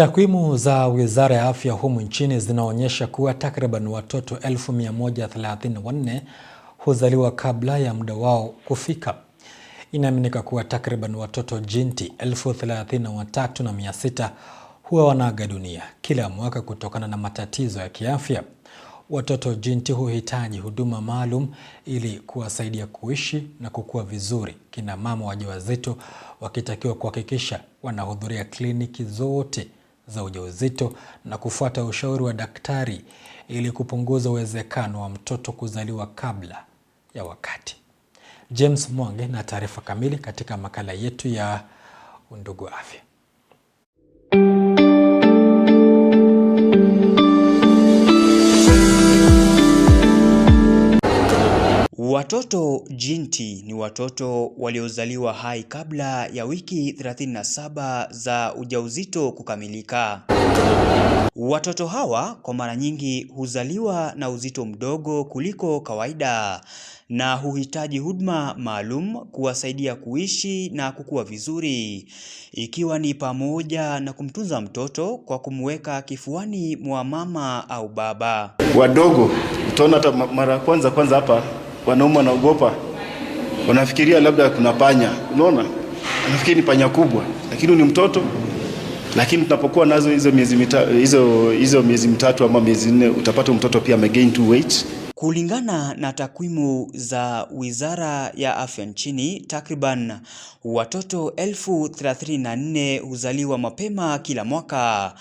Takwimu za Wizara ya Afya humu nchini zinaonyesha kuwa takriban watoto 1134 huzaliwa kabla ya muda wao kufika. Inaaminika kuwa takriban watoto jinti 33,600 huwa wanaaga dunia kila mwaka kutokana na matatizo ya kiafya. Watoto jinti huhitaji huduma maalum ili kuwasaidia kuishi na kukua vizuri, kina mama wajawazito wakitakiwa kuhakikisha wanahudhuria kliniki zote za ujauzito na kufuata ushauri wa daktari ili kupunguza uwezekano wa mtoto kuzaliwa kabla ya wakati. James Mwangi na taarifa kamili katika makala yetu ya Undugu Afya. Watoto jinti ni watoto waliozaliwa hai kabla ya wiki 37 za ujauzito kukamilika. Watoto hawa kwa mara nyingi huzaliwa na uzito mdogo kuliko kawaida na huhitaji huduma maalum kuwasaidia kuishi na kukua vizuri, ikiwa ni pamoja na kumtunza mtoto kwa kumweka kifuani mwa mama au baba. Wadogo utaona hata mara ya kwanza kwanza hapa wanaume wanaogopa, wanafikiria labda kuna panya. Unaona, nafikiri ni panya kubwa, lakini ni mtoto. Lakini tunapokuwa nazo hizo miezi mitatu, hizo hizo miezi mitatu ama miezi nne, utapata mtoto pia amegain to weight. Kulingana na takwimu za Wizara ya Afya nchini, takriban watoto elfu 34 huzaliwa mapema kila mwaka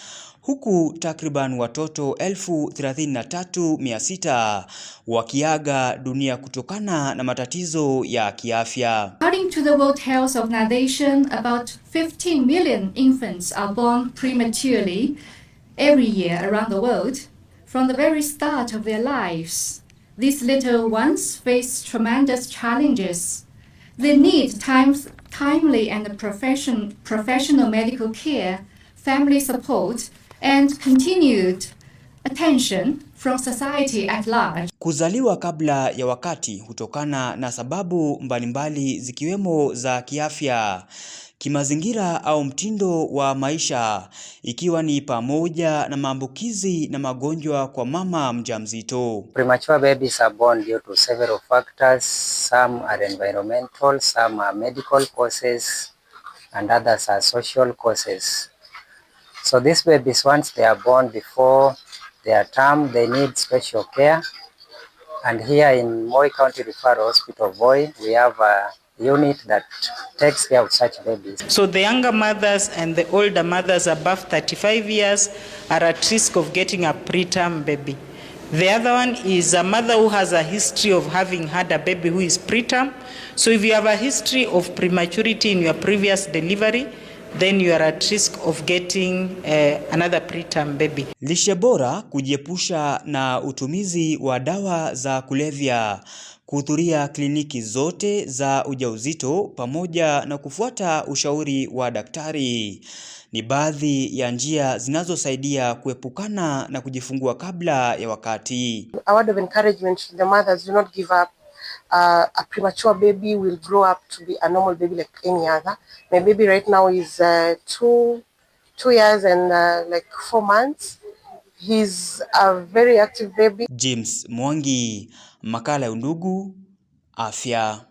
huku takriban watoto 33,600 wakiaga dunia kutokana na matatizo ya kiafya. According to the World Health Organization, about 15 million infants are born prematurely every year around the world from the very start of their lives. These little ones face tremendous challenges. They need times, timely and profession, professional medical care, family support, and continued attention from society at large. Kuzaliwa kabla ya wakati hutokana na sababu mbalimbali mbali zikiwemo za kiafya, kimazingira au mtindo wa maisha ikiwa ni pamoja na maambukizi na magonjwa kwa mama mjamzito. Premature babies are born due to several factors. Some are environmental, some are medical causes and others are social causes. So these babies, once they are born before their term, they need special care. And here in Moi County Referral Hospital, Voi, we have a unit that takes care of such babies. So the younger mothers and the older mothers above 35 years are at risk of getting a preterm baby. The other one is a mother who has a history of having had a baby who is preterm. So if you have a history of prematurity in your previous delivery, then you are at risk of getting uh, another preterm baby. Lishe bora, kujiepusha na utumizi wa dawa za kulevya, kuhudhuria kliniki zote za ujauzito pamoja na kufuata ushauri wa daktari ni baadhi ya njia zinazosaidia kuepukana na kujifungua kabla ya wakati. A word of encouragement to the mothers, do not give up uh, a premature baby will grow up to be a normal baby like any other. My baby right now is uh, two, two years and uh, like four months. He's a very active baby. James Mwangi, makala ya Undugu Afya.